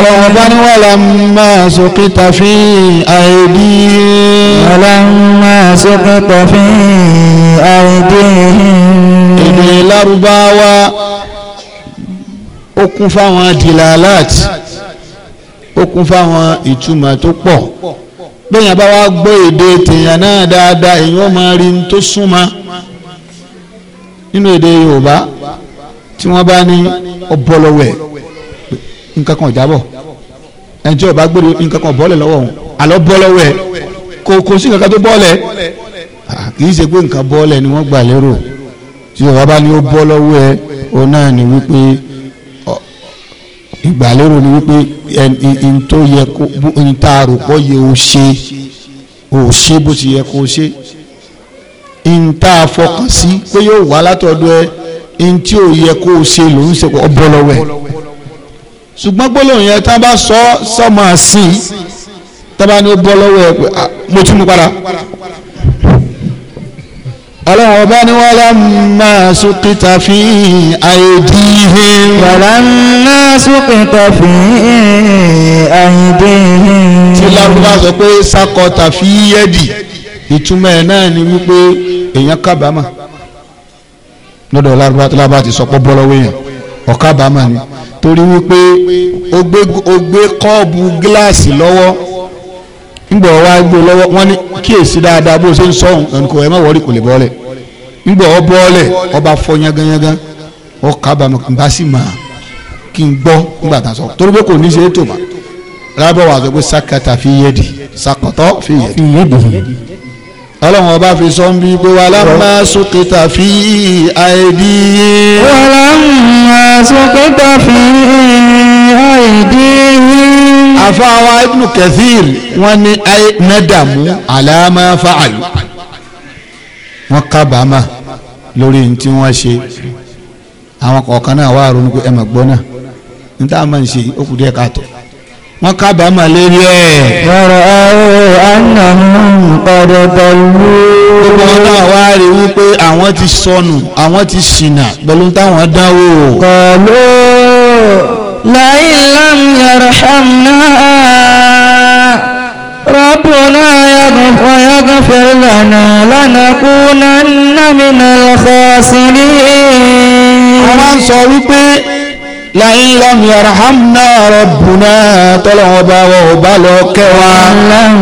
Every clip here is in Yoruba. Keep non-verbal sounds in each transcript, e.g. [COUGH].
ọlọ́run bá ní wà lámà sókítà fi àìdí lámà sókítà fi àìdí èdè lárúbáwá ó kún fáwọn dìlàláàt ó kún fáwọn ìtumọ̀ tó pọ̀ bẹ́yàn bá wá gbọ́ èdè tèèyàn náà dáadáa èèyàn máa rí tó súnmọ́ nínú èdè Yorùbá tí wọ́n bá ní ọbọlọwẹ̀ nǹkan kan jábọ̀ ẹni tí ó bá gbére nǹkan kan bọ́ọ̀lẹ̀ lọ́wọ́ òun àlọ́ bọ́ lọ́wọ́ kò kò sí nǹkan tó bọ́ọ̀lẹ̀ kì í ṣe pé nǹkan bọ́ọ̀lẹ̀ ni wọ́n gbà lérò tí Yorùbá bá ní ó bọ́ òun náà ni wípé ìgbàlérò ni wípé ẹni tó yẹ kó ẹni tá a rò pọ̀ yẹ ó ṣe ó ṣe bó ti yẹ kó ṣe ẹni tá a fọkàn sí pé yóò wá látọ̀dọ̀ ẹ ẹni tí ò yẹ kó ṣe lòún ṣe ọbọ lọ́wọ́ ẹ̀ ṣùgbọ́n gbólóhùn yẹn tá a bá sọ sọmọ àsìn tá a bá ní ó bọ́ lọ́wọ́ ẹ ah, mo tún mu padà ọlọ́run ọba ni wọ́n lọ máa sókítà fi àìdí ihe wàlá máa sókítà fi àìdí ihe tí lárúbá sọ pé sákọ̀tà fi yẹ́dì ìtumọ̀ ẹ̀ náà ni wípé èèyàn kábàámà lọ́dọ̀ lárúbá tí lábá ti sọ pé bọ́lọ́wọ́ èèyàn ọ̀kábàámà ni torí wípé ó gbé kọ́ọ̀bù gíláàsì lọ́wọ́ ńgbọ̀ wá gbó lọ́wọ́ wọ́n ní kíyèsí dáadáa bó ṣe ń sọ̀hún ẹnìkò ẹ̀ má wọ́ọ́rì kò lè bọ́ọ̀lẹ̀ ńgbọ̀ ọ bọ́ọ̀lẹ̀ ọba fọ yanganyangan ọ̀kábàámà kì í bá sì máa kí n gbọ́ nígbà tá a sọ torí pé kò ní ṣe é tò mà rábọ̀ wà sọ pé sákàtà fi yé di sàkọ̀tọ̀ fi yé di ọlọ́run ọba fi sọ ń bí pé wà lámà sókètà fi àìdí. wà lámà sókètà fi àìdí. àfáwa ibnu kathir wọ́n ní nadamu alama fa'alu wọ́n kábàámà lórí ní tí wọ́n ṣe àwọn kọ̀ọ̀kan náà wà ronú pé ẹ mà gbọ́ náà ní máa ń ṣe ó kù díẹ̀ káàtó wọ́n kábàámà lérí ẹ̀. yọ̀rọ̀ ẹ̀rọ anahun ọ̀dọ̀ pẹ̀lú. gbogbo wọn náà wá rí wípé àwọn ti sọnù àwọn ti ṣìnà pẹ̀lú táwọn dánwò. pẹ̀lú láyìn lam yarhamna rabbuna yaghfir yaghfir lana lanakunanna minal khasirin. wọ́n máa ń sọ wípé láyín lọ́mí arahamna rọ̀bùnà tọ́lọ́wọ́ bá wọ ọba lọ kẹwa láyín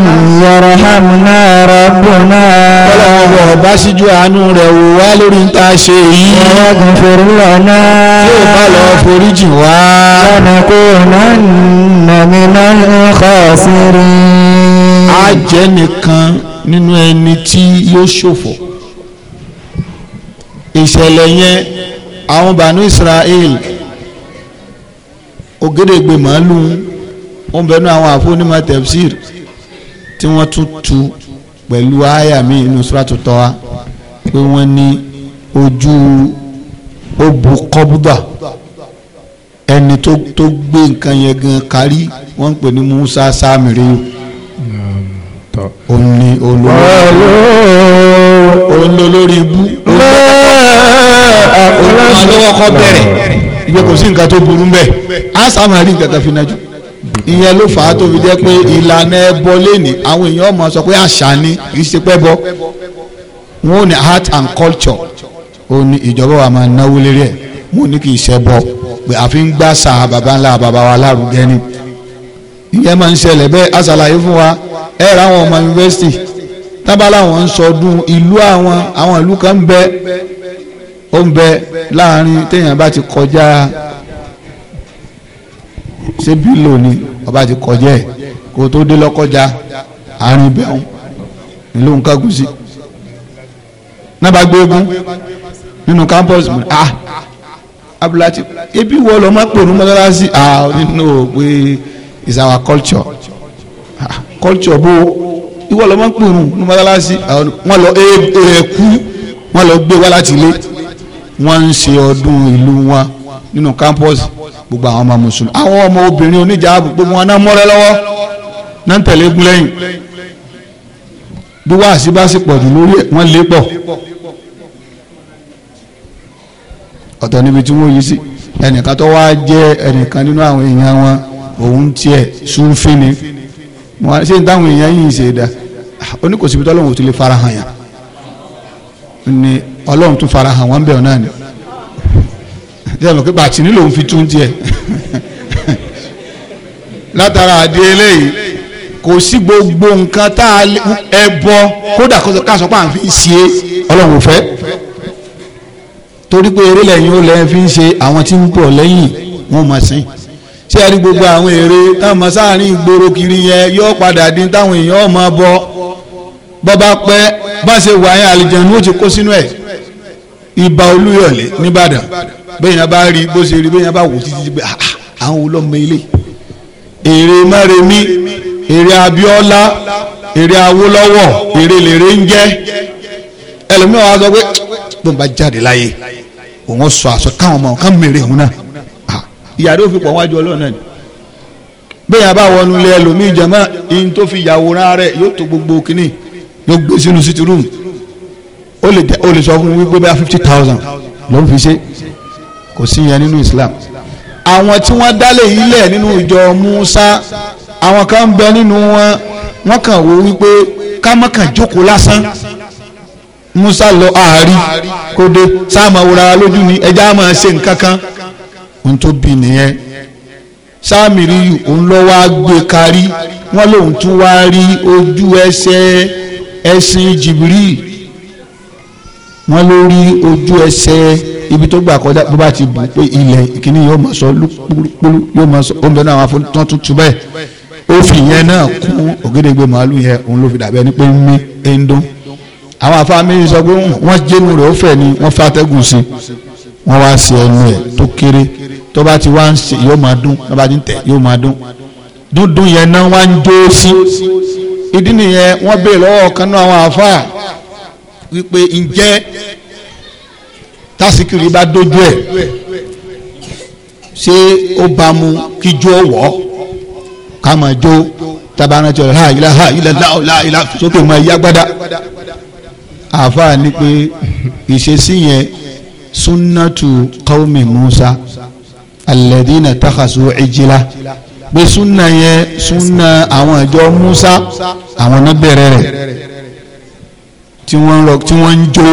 arahamna rọ̀bùnà tọ́lọ́wọ́ bá ọba síjú àánú rẹ̀ wò wá lórí ń ta ṣe yìí ọlọ́gùn fèrè lọ́nà tí ó bá lọ forí jì wá lọ́nà kó nánà mi náà kọ́ sírí. a ẹni tí yóò ṣòfò ìṣẹ̀lẹ̀ yẹn àwọn bànú Israel ògèdègbè màálù ń bẹnu àwọn àfọnímọ̀ tẹ̀síìr tí wọ́n tún tu pẹ̀lú àyà mi inú sùràtú tọ́wá pé wọ́n ní ojú òbú kọ́búdà ẹni tó gbé nǹkan yẹn gan kárí wọ́n ń pè ní Musa Samiri òun ni olórí ibú olórí ọkọ bẹ̀rẹ̀ ìgbẹ́ kò sí nǹkan tó burú mbẹ́ á sábà rí nǹkan kan fi nájú ìyẹn ló fà á tó fi jẹ́ pé ìlànà ẹbọ lẹ́nìí àwọn èèyàn ọmọ sọ pé àṣà ni kì í ṣe pẹ́ bọ́ wọn ò ní art and culture ó ní ìjọba wa máa náwó lérí ẹ̀ wọn ò ní kì í ṣe bọ́ pé àfi ń gbà sa bàbá ńlá bàbá wa lárugẹ ni ìyẹn máa ń ṣẹlẹ̀ bẹ́ẹ̀ aṣàlàyé fún wa ẹ̀ ra àwọn ọmọ yunifásitì tábàlà wọn ń sọdún ìlú àwọn àwọn ìlú kan ń bẹ ó ń bẹ láàrin téèyàn bá ti kọjá ṣé bílò ni ọba ti kọjá ẹ kó tó dé lọ́kọjá àárín bẹ́ẹ̀ ń ló ń kágun náà bá gbé egun nínú campus mi ah abdulhati ebi wọ lọ má pè ní mọ́tàlásì ah nínú òpè is our culture ah culture bó ìwọ lọ má pè ní mọ́tàlásì ah, wọn lọ ẹ̀ẹ́kú wọn lọ gbé wá láti ilé wọ́n ń ṣe ọdún ìlú wọn nínú campus gbogbo àwọn ọmọ mùsùlùmí àwọn ọmọ obìnrin oníjàábù gbogbo wọn náà mọ́rẹ́ lọ́wọ́ náà ń tẹ̀lé egun lẹ́yìn bí wàásì bá sì pọ̀ jù lórí ẹ̀ wọ́n lé pọ̀ ọ̀tọ̀ níbi tí wọ́n yí sí ẹnìkan tó wá jẹ́ ẹnìkan nínú àwọn èèyàn wọn òun tiẹ̀ sunfin ni ṣé n táwọn èèyàn yìí ṣe dá oníkòsíbi tọ́lọ́wọ̀n ò ti lè farahàn yàn ni ọlọ́run tún fara hàn wọ́n bẹ̀rù náà ni díẹ̀ mọ̀ pé bàtí nílò òun fi tún díẹ̀ látara àdé eléyìí kò sí gbogbo nǹkan tá a ẹbọ kódà ká sọ pé à ń fi ṣe ọlọ́run ò fẹ́ torí pé eré lẹ́yìn ó lẹ́yìn fi ń ṣe àwọn tí ń pọ̀ lẹ́yìn wọn mọ̀ sí ṣé ẹni gbogbo àwọn èrè táwọn ọmọ sáàrin ìgboro kiri yẹn yóò padà dín táwọn èèyàn ọmọ bọ bọ́ bá bá ṣe wà yẹn àlìjẹun ó ti kó sínú ẹ̀ ibà olúyọ̀lé nìbàdàn bẹ́ẹ̀ yẹn bá rí bó ṣe rí bẹ́ẹ̀ yẹn bá wò títí pé ah, ah, àwọn olọ́mọ ilé èrè mẹ́rẹ̀mí èrè abíọ́lá èrè awólọ́wọ̀ èrè lèrè ń jẹ́ ẹlòmíràn wa sọ pé bó ń bá jáde láyé òun sọ àṣọ káwọn ọmọ kan mèrè òun náà ah, ìyàrá òfin pọ̀ wájú ọlọ́run náà ni bẹ́ẹ̀ bá wọnú ilé ẹlòmíì jẹ́mọ́ ihun tó fi yàwòrán rẹ̀ yóò tó gbogbo kínní yóò gbé sínú sítírùmù ó lè ó lè sọ fún wípé bá fifty thousand ló ń fi ṣe kò sí yẹn nínú Islam àwọn tí wọ́n dálé ilẹ̀ nínú ìjọ Musa àwọn kan ń bẹ nínú wọn wọ́n kàn wò wípé ká má kàn jókòó lásán Musa lọ àárí kóde sáàmà wura lójú ni ẹja máa ṣe nǹkan kan ohun tó bì nìyẹn sáàmì ríyù òun lọ wá gbé kárí wọ́n lòun tún wá rí ojú ẹsẹ̀ ẹṣin Jibril wọ́n ló rí ojú ẹsẹ̀ ibi tó gbà kọjá bó bá ti bù pé ilẹ̀ ìkíní yóò mọ̀ sọ lúpúlúpúlú yóò mọ̀ sọ ó ń bẹ náà àwọn afọ́nitán tuntun bẹ́ẹ̀ ó fi yẹn náà kún ògédègbè màálù yẹn òun ló fi dàbẹ́ ni pé ń mí ń dún àwọn afáàmì sọ pé wọ́n jẹ́nu rẹ̀ ó fẹ̀ ni wọ́n fẹ́ atẹ́gùn sí wọ́n wá sí ẹnu ẹ̀ tó kéré tó bá ti wá ń ṣe yóò máa dún tó bá ti ń tẹ̀ yóò máa dún dúndún yẹn náà wá ń jó sí ìdí nìyẹn wọ́n béèrè lọ́wọ́ kan àwọn àfáà wípé ǹjẹ́ tásìkìrì bá dójú ẹ̀ ṣé ó bá mu kíjó wọ̀ ká máa jó tabaran tí o la ilà ha ilà la ọ̀la ilà sókè máa yá gbada àáfàá ni pé ìṣesí yẹn sunnatu qawmi musa alladina takhasu ijila pé sunna yẹn sunna àwọn ìjọ musa àwọn náà bẹ̀rẹ̀ rẹ̀ tí wọ́n ń rọ tí wọ́n ń jó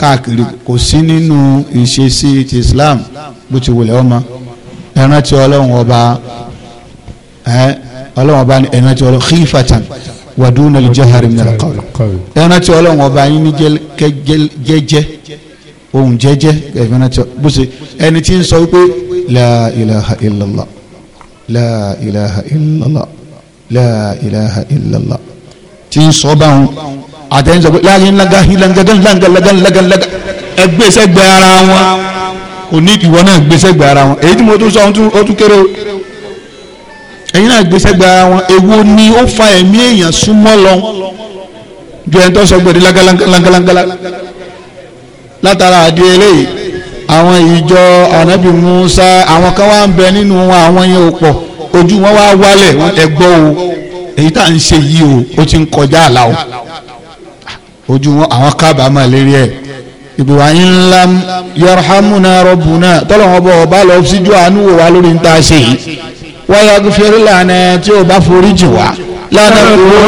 káàkiri kò sí nínú ìṣesí ti Islam bó ti wulẹ̀ ọmọ ẹran tí ọlọ́run ọba ọlọ́run ọba ẹran tí ọlọ́run khifatan waduna li jahari min al-qawl ẹran tí ọlọ́run ọba yín ní jẹ́jẹ́ ohun jẹ́jẹ́ ẹran tí bó ṣe ẹni tí ń sọ wípé la ilaha illallah la ilaha illallah la ilaha illallah tí ń sọ báwọn àtẹ̀yìn sọ pé láàyè ńlága ńlága ńlága ńlága ńlága ẹgbẹ́ sẹ́gbẹ́ ara wọn kò ní ìwọ náà gbé sẹ́gbẹ́ ara wọn èyí tí mo tún sọ ó tún kéré o èyí náà gbé sẹ́gbẹ́ ara wọn èwo ni ó fa ẹ̀mí èèyàn súnmọ́ lọ ju ẹni tó sọ gbẹ̀dẹ̀ lágalágalágalágalá látara àdé eléyìí àwọn ìjọ ànábì Musa àwọn kan wá ń bẹ nínú wọn àwọn yẹn ò pọ̀ ojú wọn wá wálẹ̀ ẹgbọ́ o èyí tá à ń ṣe yìí o ó ti ń kọjá àlá o ojú wọn àwọn kábàámà lérí ẹ̀ ìbò àyín ńlá yarhamuna rabbuna tọ́lọ́wọ́n bọ̀ ọba lọ síjú àánú wò wá lórí níta ṣe yìí wáyà gbẹ́fẹ́rí lànà tí ò bá forí jì wá. lánàá kúrò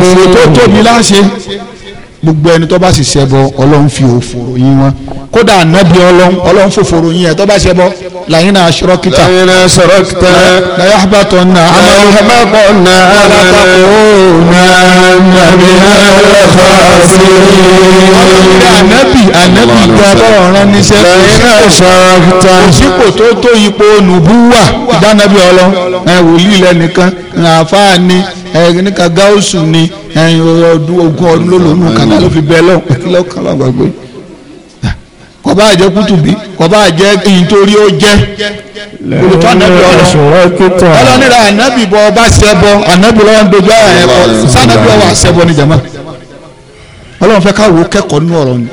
òfin tó tóbi láṣẹ gbogbo ẹni tó bá sì ṣẹbọ ọlọ́run fi òfòrò yín wọn kódà ànábì ọlọ́run ọlọ́run fòfòrò yín ẹ tó bá ṣẹbọ làyín náà ṣọrọ kíta làyín náà ṣọrọ kíta làyín àbátọ náà àbátọ náà ànábì ànábì ìtọ́ ọ̀ràn níṣẹ́ làyín náà kíta òsípò tó tó ipò nùbúwà ìdánábì ọlọ́run ẹ wòlíì lẹ́nìkan àfáà ni ẹ̀yìn ní kagausu ni ẹ̀yìn ọdún ogún ọdún ló lò nù kàdá ló fi bẹ́ẹ̀ lọ́wọ́ kí lọ́ọ́ kàlọ́ àgbàgbé kọba àjẹ kùtùbí kọba àjẹ nítorí ó jẹ olùtọ́ ànábì ọ̀rọ̀ ọlọ́nira ànábì bọ ọba ṣẹbọ ànábì lọ́wọ́ ń dojú ara ẹ̀ bọ sànábì ọwọ́ àṣẹbọ ni jama ọlọ́run fẹ́ káwọ́ kẹ́kọ̀ọ́ nínú ọ̀rọ̀ ni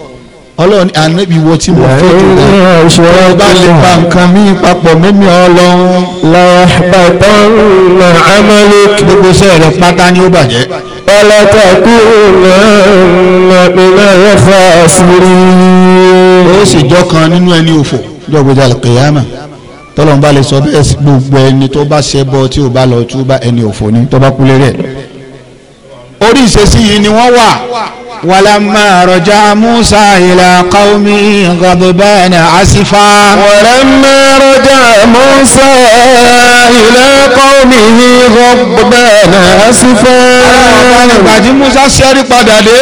ọlọ́run ànábì wo tí mo fẹ́ jù lọ ṣùgbọ́n bá lè pa nǹkan mí papọ̀ mímí ọlọ́run. làbàtà nà amálẹ̀. gbogbo iṣẹ́ rẹ̀ pátá ni ó bàjẹ́. ọlọ́tà kú nà nà yẹ fà sírí. ó sì jọ kan nínú ẹni òfò lọ́gbọ́dọ̀ àlùkìyàmà tọ́lọ́run bá lè sọ bẹ́ẹ̀ gbogbo ẹni tó bá ṣẹbọ tí ò bá lọ tí bá ẹni òfò ni tó bá kú lérí orí ìṣesí yìí ni wọ́n wà. ولما رجع موسى إلى قومه غضبان أسفا ولما رجع موسى إلى قومه غضبان أسفا àgbàjí Musa ṣẹ́rí padà dé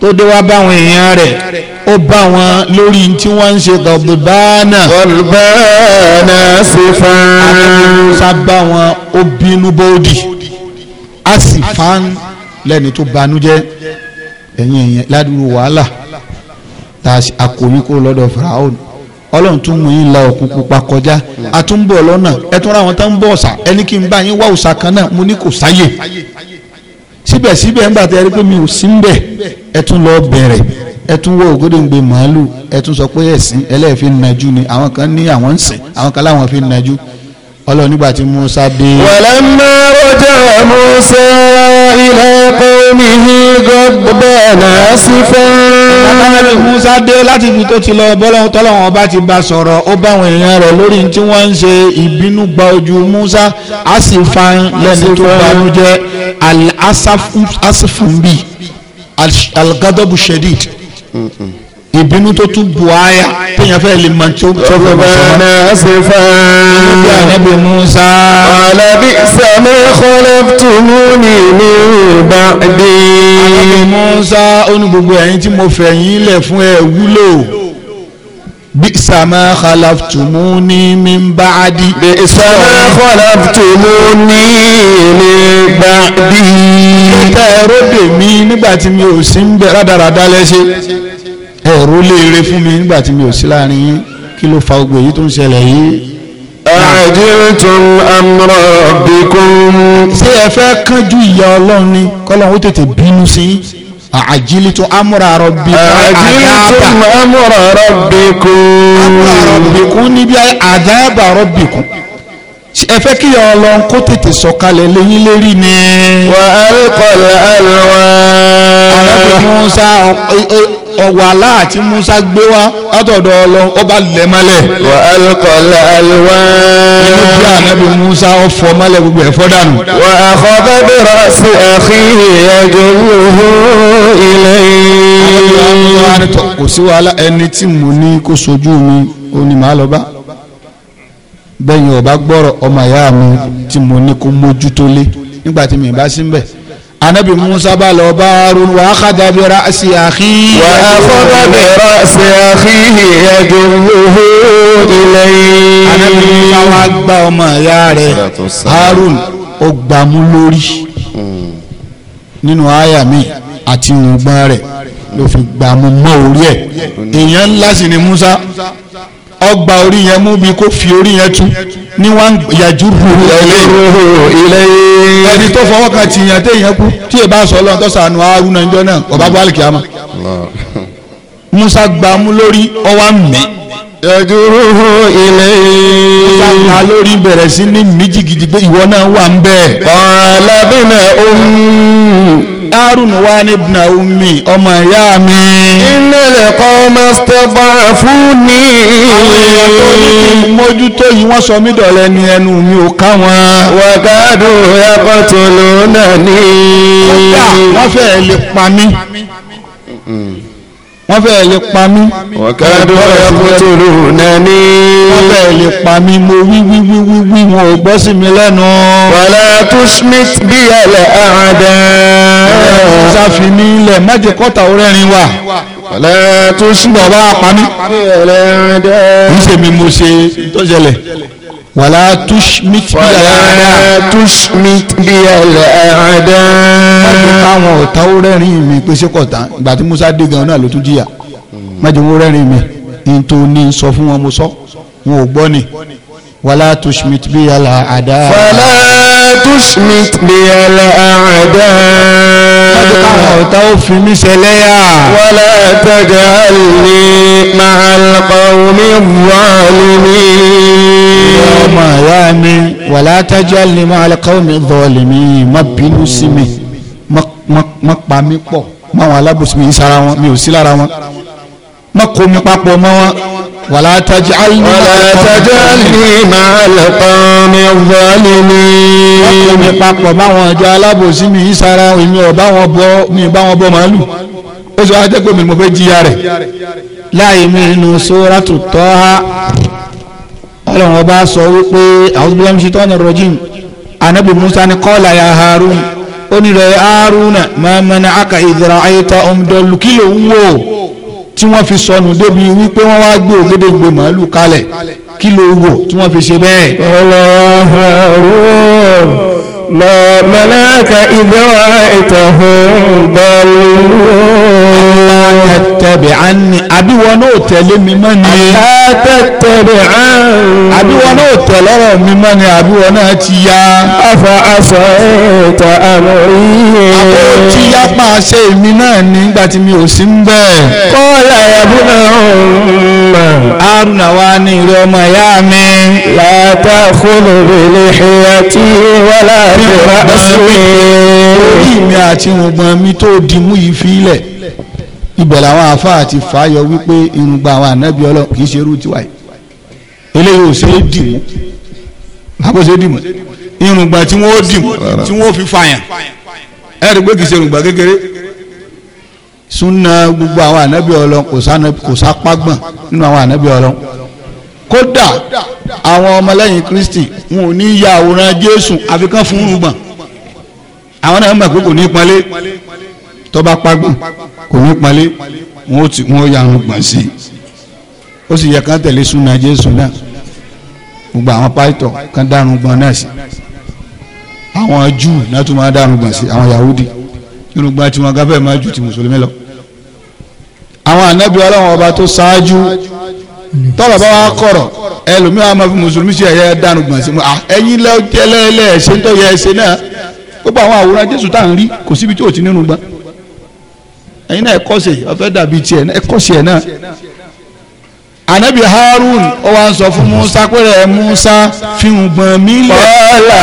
tó dé wá báwọn èèyàn rẹ̀ ó bá wọn lórí tí wọ́n ń ṣe gọ̀bùbánà gọ̀bùbánà sífà. àgbàjí Musa bá wọn ó bínú bódì asifan lẹ́ni tó banújẹ́ ẹ̀yin ẹ̀yin ládùúgbò wàhálà tá a kò yín kúrò lọ́dọ̀ faraon ọlọ́run tún mú yín la òkun pupa kọjá a tún ń bọ̀ lọ́nà ẹ tún ra àwọn tó ń bọ̀ ọ̀sà ẹni kí n bá yín wá ọ̀sà kan náà mo ní kò sáyè síbẹ̀síbẹ̀ ń gbàtẹ́ rí pé mi ò sí ń bẹ̀ ẹ tún lọ bẹ̀rẹ̀ ẹ tún wọ ògódèǹgbè màálù ẹ sọ pé ẹ̀sìn ẹlẹ́ẹ̀fín najú ni àwọn kan ní àwọn ń sìn àwọn kan láwọn fi najú ọlọ́run nígbà tí musa dé. walamma raja musa ila qawmihi ghadbana asifan. bàbá musa dé láti ibi tó ti lọ bọ́lá tọ́lọ́wọ́n ọba ti bá sọ̀rọ̀ ó bá àwọn èèyàn rẹ̀ lórí tí wọ́n ń ṣe ìbínú gba ojú musa asifan lẹ́ni tó banújẹ́ al-asafun bi al ìbínú tó tún bu àyà téèyàn fẹ́ lè mọ tí ó fẹ́ mọ sọ́mọ́. ọ̀nà ṣe fẹ́. olùkọ́ ànábì Musa. ọ̀làbí sàmì kọ́lẹ́tùmù ní ní ìbàdí. ànábì Musa onu gbogbo ẹ̀yin tí mo fẹ́ yín lẹ̀ fún ẹ wúlò bisama khalaftumu ni min baadi. bisama khalaftumu ni min baadi. tẹ́ ẹ róde mi nígbà tí mi ò sí ń bẹ rádaràda lẹ́sẹ̀ ẹ̀rú léere fún mi nígbà tí mi ò sí láàrin yín kí ló fa ogbè yìí tó ń ṣẹlẹ̀ yìí. ajiltum amra rabbikum. ṣé ẹ fẹ́ kánjú ìyá ọlọ́run ni kọ́lọ́run ó tètè bínú sí yín ajiltum amra rabbikum. ajiltum amra rabbikum. amra rabbikum níbi àdáàbà rabbikum ẹ fẹ́ kí ìyá ọlọ́run kó tètè sọ̀kalẹ̀ lẹ́yìn lérí ni. wà á rí kọlẹ̀ àlọ́ ọ̀wàlá àti Musa gbé wá látọ̀dọ̀ ọlọ ọba lẹ̀ mọ́lẹ̀. wà á lọ kọ́ àlùwá. inú bí ànábi Musa ọ̀fọ̀ mọ́lẹ̀ gbogbo ẹ̀fọ́ dànù. wà á kọ́ bẹ́ẹ̀ rọ sí àkíyè ẹjọ́ wòó ilé yìí. kò sí wàhálà ẹni tí mo ní kó sojú mi ó ní màá lọ bá bẹ́yìn ọba gbọ́rọ̀ ọmọ ìyá mi tí mo ní kó mójútó lé nígbà tí mi bá sí ń anabi musa bá lọ bá harun wà á kàdà bí ra'asi àkíyì. wà á kàdà bí ra'asi àkíyì ẹgbẹ̀rún ilẹ̀ yìí. anabi musa wá gba ọmọ ìyá rẹ̀ harun ó gbàmú lórí hmm. nínú àyà mi àti ìwọ̀n gbọ́n rẹ̀ ló fi gbàmú mọ́ orí ẹ̀ hmm. èèyàn ńlá sì ni musa. musa ọgbà orí yẹn mú kó fi orí yẹn tú ní wọn yàjú rúru ilé ẹni tó fọwọ́ kan ti yàn kú tí bá sọ tó sànù náà ọba buhari musa lórí ọwọ́ mi yàjú ilé musa lórí bẹ̀rẹ̀ sí ní ìwọ náà wà ń bẹ́ẹ̀. harun wa ní ibùnà omi ọmọ ìyá mi. iná rẹ̀ kọ́ ọmọ stephen fún ni. àwọn èèyàn tó ní kí n mójútó yìí wọ́n sọ mí dọ̀lẹ́ ní ẹnu mi ò ká wọn. wàgádù ẹ̀kọ́ tó lò náà ní. wọ́n fẹ́ẹ́ lè pa mí wọ́n fẹ́ẹ̀ lè pa mí. ọ̀kadà ọ̀kùtùrù nani. wọ́n fẹ́ẹ̀ lè pa mí mo wí wí wí wí wí wọn ò gbọ́ sí mi lẹ́nu. wàlá tushmit bíi ẹ̀lẹ́ àádẹ́ ṣàfihàn ilẹ̀ májèkọ́ta orẹ́rin wa ọ̀lẹ́ tó súnbọ̀ bá a pamí ń ṣe mi mo ṣe tó ṣẹlẹ̀ wàlá tushmit bí àlàáda wàlá tushmit bí àlàáda. káwọn ọ̀tá orẹ́rin mi pèsè kọ̀tà ìgbà tí Musa dé gan náà ló tún jìyà májèkọ́ orẹ́rin mi ní tó ní sọ fún wọn mo sọ wọn ò gbọ́ ni wàlá tushmit bí àlàáda. wàlá tushmit bí àlàáda jẹ́ káwọn ọ̀tá ó fi mí ṣẹlẹ́yà. wala taj'alni ma'al qawmi zalimin. ọmọ ìyá mi wala taj'alni ma'al qawmi zalimin má bínú sí mi má pa mí pọ̀ má wọn alábòsí mi ń sara wọn mi ò sí lára wọn má kó mi papọ̀ mọ́ wọn. ولا تجعلني alìní wàlá tajà alìní máa lẹ́kọ̀ọ́mí ọ̀gbọ́nìní. wọ́n mi papọ̀ báwọn ọjọ́ alábòsí mi yí sara èmi ọ̀ báwọn bọ́ mi báwọn bọ́ màálù ó sọ ajẹ́ pé mi mo fẹ́ jìyà rẹ̀ láì mi inú sóràtù tọ́ha ọlọ́run ọba sọ wípé àwọn bílẹ̀ mi ṣe tọ́nà rọ́jìm anabi musa ni kọ́ọ̀lá ya harun ó ní rẹ̀ haruna mẹ́mẹ́ni aka ìdìrà ayé tọ́ ọmọdé lùkìlò ń wò tí wọ́n fi sọnù débi wípé wọ́n wá gbé ògédègbè màálù kalẹ̀ kí ló wò tí wọ́n fi ṣe bẹ́ẹ̀. ọlọ́run ما منعك إذ رأيتهم ضلوا تتبعني àbí wọn náà tẹ̀lé mi mọ́ ni. àtẹ̀tẹ̀bẹ̀rán. àbí wọn náà tẹ̀lé ọ̀rọ̀ mi mọ́ ni àbí wọn náà ti ya. afa aṣọ ẹ̀ta àmọ̀rí. àbó tí yá máa ṣe èmi náà nígbà tí mi ò sí ń bẹ̀. kọ́lá ẹ̀bùn náà ń mọ̀. aruna wa ni ìrẹ́ ọmọ ìyá mi. لا تأخذ بلحيتي ولا برأسي mi àti irùngbọ̀n mi tó dìmú yìí fílẹ̀ ibẹ̀ làwọn àfáà ti fàáyọ wípé irùngbọ̀n àwọn ànábì ọlọ́ kìí ṣe irú tiwa yìí eléyìí ò ṣe é dìmú àbò ṣe é dìmú irùngbọ̀n tí wọ́n ó dìmú tí wọ́n fi fàyàn ẹ̀rí pé kìí ṣe irùngbọ̀n kékeré súnà gbogbo àwọn ànábì ọlọ́ kò sápá gbọ̀n nínú àwọn ànábì ọlọ́ kódà àwọn ọmọlẹ́yìn kristi wọn ò ní ya àwòrán jésù àfikán fún rúgbọ̀n àwọn náà mọ̀ pé kò ní palé tọ́ba pagbọ̀n kò ní palé wọn ò tí wọn yà rúgbọ̀n sí i ó sì yẹ kán tẹ̀lé súnà jésù náà gbogbo àwọn pásítọ̀ kan dárun gbọ̀n náà sí àwọn júù náà tún máa dárun gbọ̀n sí àwọn yahudi nínú gbọ́n tí wọn gáfẹ́ máa ju ti mùsùlùmí lọ àwọn ànábì ọlọ́run ọba tó ṣáájú tọ́lọ̀ bá wa kọ̀rọ̀ ẹlòmíì wa máa fi mùsùlùmí ṣe ẹ̀yẹ dànù gbọ̀n sí mu ah, ẹ̀yin lẹ́ẹ̀lẹ́ ẹ̀ṣẹ̀ ń tọ́yẹ ẹ̀ṣẹ̀ náà gbogbo àwọn àwòrán Jésù tá à ń rí kò síbi tí ò ti nínú gbọ́n ẹ̀yin náà ẹ̀kọ́ ọ̀fẹ́ dàbí tiẹ̀ ẹ̀kọ́ náà anabi harun ó wá ń sọ fún musa pẹ̀lẹ́ musa fi ń gbọ̀n mí lẹ̀. ọ̀la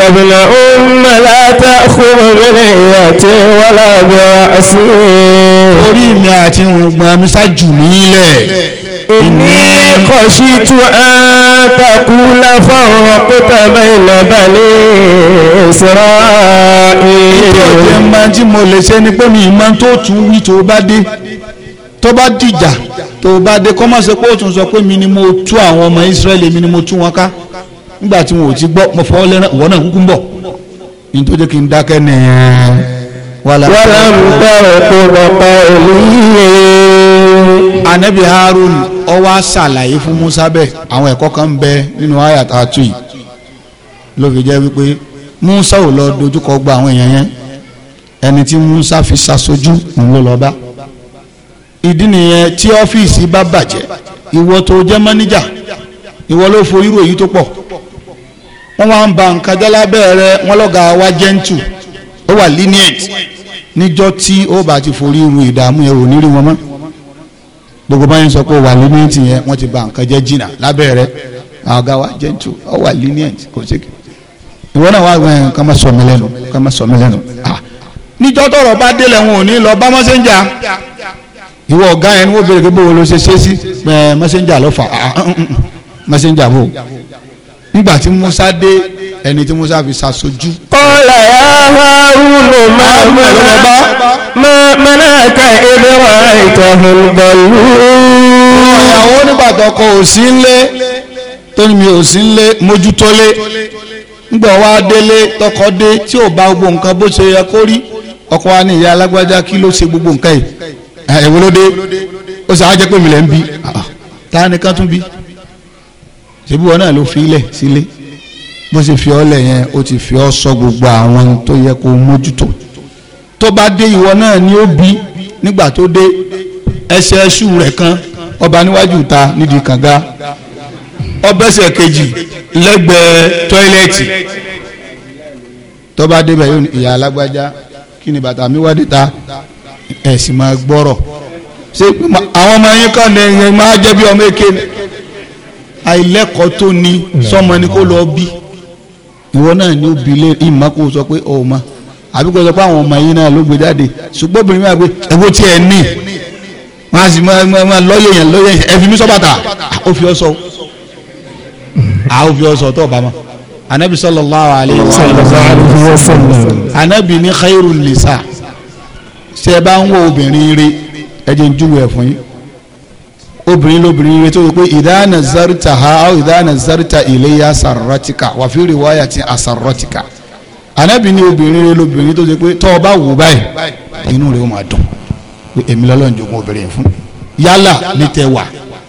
yabina umma lata kumabere yàtí wàlábẹ̀ àṣìwé. orí mi àti ń gbọ̀n mi sá jù mí lẹ̀ ìní kọ̀ṣí tú àtàkù láfáwọn pípa bẹ́ẹ̀nà bá ní ìsirọ́ ìjọba máa tí mo lè ṣe ni pé mi ìmọ̀ tó tún wí tó bá dé tó bá dìjà tó bá dé kọ́ máa ṣe pé ó tún sọ pé mi ni mo tú àwọn ọmọ Ísírẹ́lì mi ni mo tú wọn ká nígbà tí wọn ò ti gbọ́ mo fọwọ́ lẹ́rán ìwọ náà kúkú ń bọ̀ ní tó jẹ́ kí n dákẹ́ nìyẹn. wàlámù bá ọ̀pọ̀ bàbá òní yẹn anabi harun ó wá ṣàlàyé fún musa bẹ́ẹ̀ àwọn ẹ̀kọ́ kan ń bẹ nínú àyà tá a tù yìí ló fi jẹ́ wípé musa ò lọ dojúkọ gba àwọn èèyàn yẹn ẹni tí musa fi ṣaṣojú ń lọ lọ bá ìdí nìyẹn tí ọ́fíìsì bá bàjẹ́ ìwọ tó jẹ́ mọ́níjà ìwọ ló forí ròyìn tó pọ̀ wọ́n wá ń ba nǹkan jálábẹ́ rẹ wọ́n lọ́gà wá jẹ́ǹtù ó wà lenient níjọ́ tí ó bá ti forí ru ìdààmú yẹn ò ní rí wọn mọ́ gbogbo báyìí sọ pé wà lenient yẹn wọ́n ti ba nǹkan jẹ́ jìnnà lábẹ́ rẹ̀ àga wa gentle ọ wà lenient kò sí kí ìwọ náà wà gbọ́n ká má sọ mí lẹ́nu má sọ mí ah níjọ́ tọrọ bá délẹ̀ wọn ò ní lọ bá mọ́sẹ́njà ìwọ ọ̀gá yẹn ni wọ́n béèrè pé bó wo ló ṣe ṣe sí mọ́sẹ́njà ló fà á mọ́sẹ́njà mm, mm, mm. bò nígbà tí Musa dé ẹni tí Musa fi ṣàṣojú. kọ́lá yà á wúlò máa mọ̀ mọ́nà ká ilé wa ìtọ̀hún bọ̀lú. ìyàwó nígbà tọkọ ò sí nlé tóní mi ò sí nlé mójútólé ngbọ̀ wá délé tọkọ dé tí ò bá gbogbo nǹkan bó ṣe yẹ kó rí ọkọ wa ní ìyá alágbájá kí ló ṣe gbogbo nǹkan yìí ẹ̀wọ́lódé ah, ó sì á pé mi ah, ah, ṣebí wọn náà ló fi ilẹ̀ sílé bó ṣe fi ọ́ lẹ̀ yẹn ó ti fi ọ́ sọ gbogbo àwọn tó yẹ kó mójútó tó bá dé ìwọ náà ni ó bí nígbà tó dé ẹsẹ̀ ẹṣú rẹ̀ kan ọba níwájú ta nídìí kànga ọbẹ̀sẹ̀ kejì lẹ́gbẹ̀ẹ́ tọ́ílẹ̀tì tó bá débẹ̀ yóò ìyá alágbájá kí ni bàtà mi wá dé ta ẹ̀sìn máa gbọ́rọ̀ ṣé àwọn ọmọ yín kàn ní ẹ̀ máa jẹ́ bí ọmọ èké ni àìlẹ́kọ̀ọ́ tó ní sọmọ ni kó lọ bí ìwọ náà ní òbí lé ìmọ̀ kó sọ pé ọ̀ ma àbí kó sọ pé àwọn ọmọ yìí náà ló gbé jáde ṣùgbọ́n obìnrin máa gbé ẹ̀wọ́ tí ẹ ní máa sì máa lọ́yẹ̀ yẹn lọ́yẹ̀ yẹn ẹ̀fí mi sọ bàtà ah, ó fi ọ sọ ah, ó fi ọ sọ tó ọba ma anabi sallallahu alayhi wa sallam anabi ni khairu lisa ṣe bá ń wo obìnrin rí ẹ jẹ́ ń júwe ẹ̀ fún yín obìnrin lóbìnrin rẹ tó yẹ pé ìdáná zarita ha aw ìdáná zarita ìléyà sàrọ́tìkà wàfíì rìwáyà ti àsàrọ́tìkà anábì ní obìnrin rẹ lóbìnrin tó yẹ pé tọ́ ọ bá wù báyìí inú rẹ ó máa dùn pé èmi lọ́lọ́run jogún obìnrin fún yálà ní tẹwà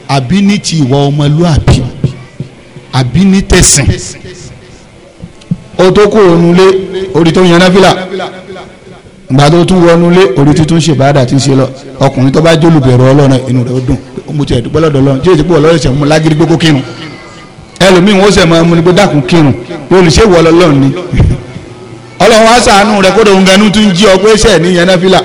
àbí ní ti ìwà ọmọlúàbí àbí ní tẹ̀sìn ó tó kó òun lé orí tó yan gbà tó tún wọnú lé orí tuntun ṣe báadà tí ń ṣe lọ ọkùnrin tó bá jẹ́ olùbẹ̀rù ọlọ́run inú rẹ̀ ó dùn mo ti ẹ̀dúpẹ́ lọ́dọ̀ lọ́run jíjẹ́ pé ọlọ́run ṣẹ̀ mú lágídí gbogbo kírun ẹlòmíín ó ṣẹ̀ máa mú ní pé dákun kírun olùṣe wọ ọlọ́run ni ọlọ́run wá sàánú rẹ̀ kó dòun ganú tún jí ọ pé ṣẹ̀ níyẹn náà fìlà.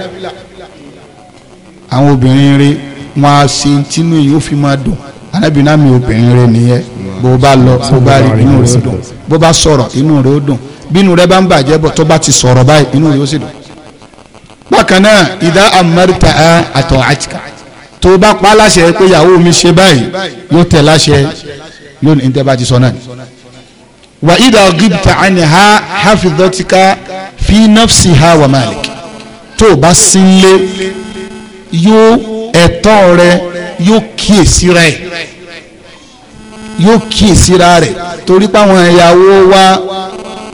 àwọn obìnrin rí wọn á ṣe tínú yìí ó fi máa dùn anábìínà mi obìnrin rí nìyẹn bó bá lọ bó bá rí inú rẹ̀ dùn bó bá sọ̀rọ̀ inú rẹ̀ ó dùn bínú rẹ̀ bá ń bàjẹ́ bọ̀ tó bá ti sọ̀rọ̀ báyìí inú rẹ̀ ó sì dùn bákan náà ìdá amárìtà àtọ̀ àtìkà tó bá pa láṣẹ pé ìyàwó mi ṣe báyìí yóò tẹ̀ láṣẹ lónìí tẹ́ bá ti sọ náà wà ìdá gíbta àní ha hafidọ́tíkà fi nọ́fsì ha wà malik tó bá sílé yóò ẹ̀tọ́ rẹ yóò kíyèsíra ẹ̀ yóò kíyèsíra rẹ̀ torí pé àwọn ìyàwó wa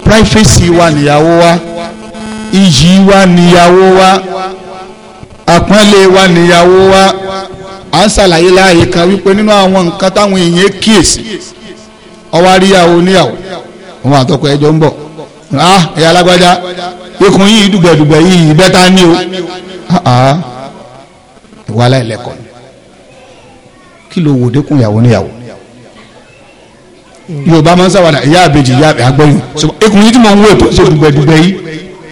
privacy wa nìyàwó wa iyì wa níyàwó wa àpọ́nlé wa níyàwó wa à ń ṣàlàyé láàyè kan wípé nínú àwọn nǹkan táwọn èèyàn kíyèsí ọwọ́ àríyàwó níyàwó wọn àtọkọ ẹjọ ń bọ̀ ah ẹ̀yà alágbájá ikùn yìí dùgbẹ̀dùgbẹ̀ yìí bẹ́tà ní o ah, ah, ìwà aláìlẹ́kọ̀ọ́ kí ló wò dékun ìyàwó níyàwó yorùbá máa ń ṣàwàdà ìyá àbèjì ìyá àgbẹ̀yìn ikùn yìí tí mo ń wò ètò ìṣèdùgbẹ̀dùgbẹ̀ yìí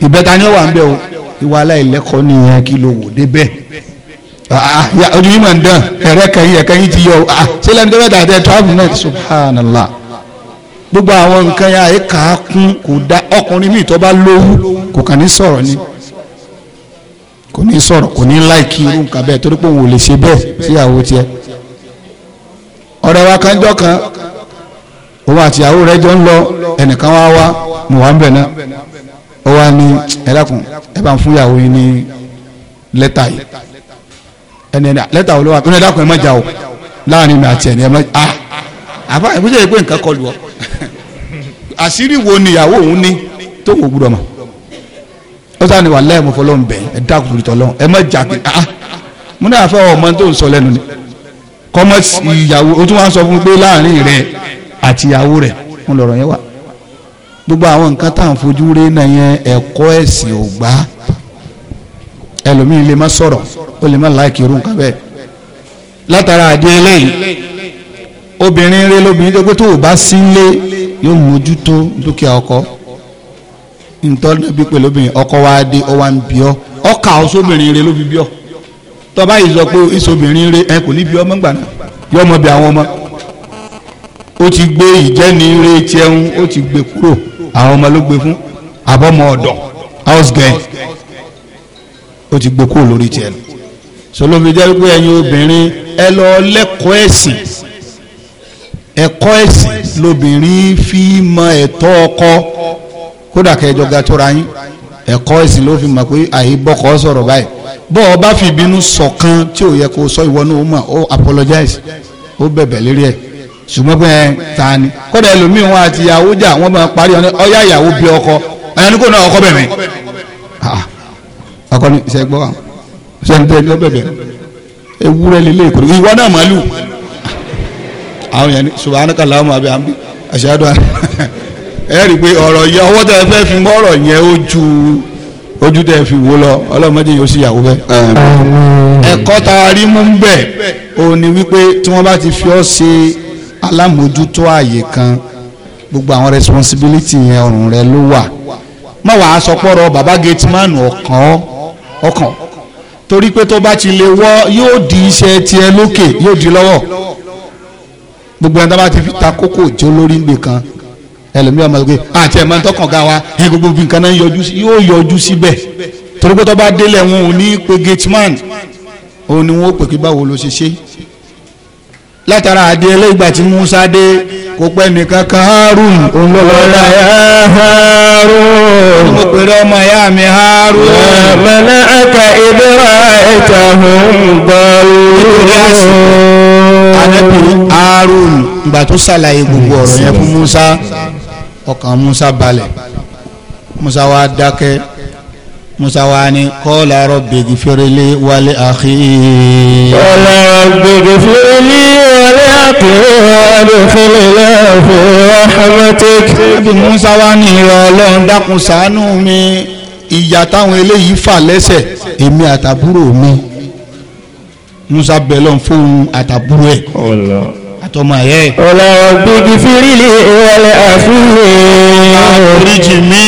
ìbẹ́ta ni ó wà ń bẹ̀ o ìwà aláìlẹ́kọ̀ọ́ nìyẹn kí ló wò débẹ̀ ah, ah, ojú yìí máa ń dán ẹ̀rẹ́ kẹyìn ẹ̀kẹyìn ti yọ ah, ṣé lẹ́nu tó bẹ̀ dàdé twelve minutes subhanallah gbogbo àwọn nǹkan yà é kà á kún kò dá ọkùnrin míì tó bá lówó kò kàn ní sọ̀rọ̀ ni kò ní sọ̀rọ̀ kò ní láìkí irú nǹkan bẹ́ẹ̀ torí pé òun ò lè ṣe bẹ́ẹ̀ síyàwó tiẹ̀ ọ̀rẹ́ wa kan jọ́ kan òun àtìyàwó rẹ̀ jọ ń lọ ẹnìkan wá wá mùwàmbẹ̀ náà ó wá ní ẹlẹ́kùn ẹ bá ń fún ìyàwó yín ní lẹ́tà yìí ẹni ẹni lẹ́tà wo ló ẹlẹ́kùn ẹ má jà o láàrin mi àti ẹni ẹ má a ah, àbá ẹ bójú ẹ pé nǹkan kọlù ọ [LAUGHS] àṣírí wo ni ìyàwó òun ní tó wò gbúdọ̀ mọ̀ ó sáà ní wà lẹ́yìn mo fọlọ́n bẹ̀ ẹ dákun kùrìtọ̀ lọ́wọ́ ẹ má jà kí a ah, ah. mo náà fẹ́ ọmọ tó ń sọ lẹ́nu ni kọ́mọ́sì ìyàwó o tún wá sọ fún pé láàrin rẹ àti ìyàwó gbogbo àwọn nǹkan tá à ń fojú rí náà yẹn ẹ̀kọ́ ẹ̀sìn ò gbá ẹlòmíín lè má sọ̀rọ̀ ó lè má láìkì irú nǹkan bẹ́ẹ̀ látara àdín eléyìí obìnrin rí lóbìnrin tó pé tó o bá sí ilé yóò mójútó dúkìá ọkọ ntọ́nàbí pẹ̀lú obìnrin ọkọ wa dé ọwa ń bí ọ ọkà ọsọbìnrin rẹ ló fi bí ọ tọba yìí sọ pé ìsọbìnrin rẹ ẹ kò ní bí ọmọ gbà náà yọmọ bí àwọn ọmọ ó ti gbé ìjẹ́ni rẹ tiẹ̀ ń ó ti gbé kúrò àwọn ọmọ ló gbé fún àbọ̀mọ ọ̀dọ̀ house girl ó ti gbó kúrò lórí tiẹ̀ lọ sọlọ́fi jẹ́ pé ẹ̀yin obìnrin ẹ lọ lẹ́kọ̀ọ́ ẹ̀sìn ẹ̀kọ́ ẹ̀sìn lobìnrin fi mọ ẹ̀tọ́ ọkọ kódà kẹjọ ga tó ra yín ẹ̀kọ́ ẹ̀sìn ló fi mọ̀ pé àyè bọ́kọ̀ sọ̀rọ̀ báyìí bọ́ ọ bá sọ̀kan tí ò yẹ kó sọ ìwọ náà apologize ó bẹ̀bẹ̀ lérí ẹ̀ ṣùgbọ́n pé ta ni kódà ẹlòmíì wọn àti ìyàwó jà wọn máa parí ọyá ìyàwó bí ọkọ ẹni kò náà ọkọ bẹ̀rẹ̀ ọkọ ah, ah. ni ṣe gbọ́ ṣe ń tẹ́lẹ̀ bẹ̀rẹ̀ ewúrẹ́ lélẹ̀ ìkòrò ìwọ náà màálù àwọn yẹn ni subhanaka allahumma àbí àmì ashhadu an [LAUGHS] ẹ rí i pé ọ̀rọ̀ yẹ ọwọ́ tẹ fẹ́ fi mọ́ ọ̀rọ̀ yẹn ó ojú tẹ fi wò lọ ọlọ́mọdé yóò sì yàwó bẹ́ẹ̀. ẹ̀kọ́ tá rí mú bẹ́ẹ̀ òun wípé tí wọ́n bá ti fi ọ́ ṣe alámòjútó ààyè kan gbogbo àwọn responsibility yẹn ọrùn rẹ ló wà má wàá sọ pọ̀rọ̀ baba gate man ọ̀kan ọ̀kan torí pé tó bá ti lè wọ́ yóò di iṣẹ́ tiẹ̀ lókè yóò di lọ́wọ́ gbogbo ẹni tó bá ti fi ta kókò jó lórí ń gbè kan ẹlòmíràn máa gbé àti ẹ̀ máa ń tọkàn ga wa ẹ gbogbo nǹkan náà yọjú yóò yọjú síbẹ̀ torí pé tó bá délẹ̀ wọn ò ní pe gate man òun ni wọn ó pè kí báwo ló ṣe ṣe látara àdé ẹlẹ́gbà tí Musa dé kò pẹ́ nìkan kan Harun ya Harun mo pèrè ọmọ ìyá mi Harun mẹ́lẹ́ ẹ̀ka ìdíra ẹ̀ka ọ̀hún Ànábì Harun ìgbà tó ṣàlàyé gbogbo ọ̀rọ̀ yẹn fún Musa ọkàn Musa balẹ̀ Musa wá dákẹ́ musa wa ni kọ́ọ̀lá rọ̀bì gìfẹ́rẹ́lẹ́ wálé àkí. kọ́ọ̀lá rọ̀bì gìfẹ́rẹ́lẹ́ Ẹbí Musa wá ní ìrọ̀ ọlọ́run dákun ṣàánú mi ìyà táwọn eléyìí fà lẹ́sẹ̀ èmi àtàbúrò mi Musa bẹ̀ lọ́n fóun àtàbúrò ẹ̀ àtọmọ ẹ̀. ọ̀la ọ̀gbẹ́gi fírílì ìwọlẹ̀ àfihàn. àforíjì mi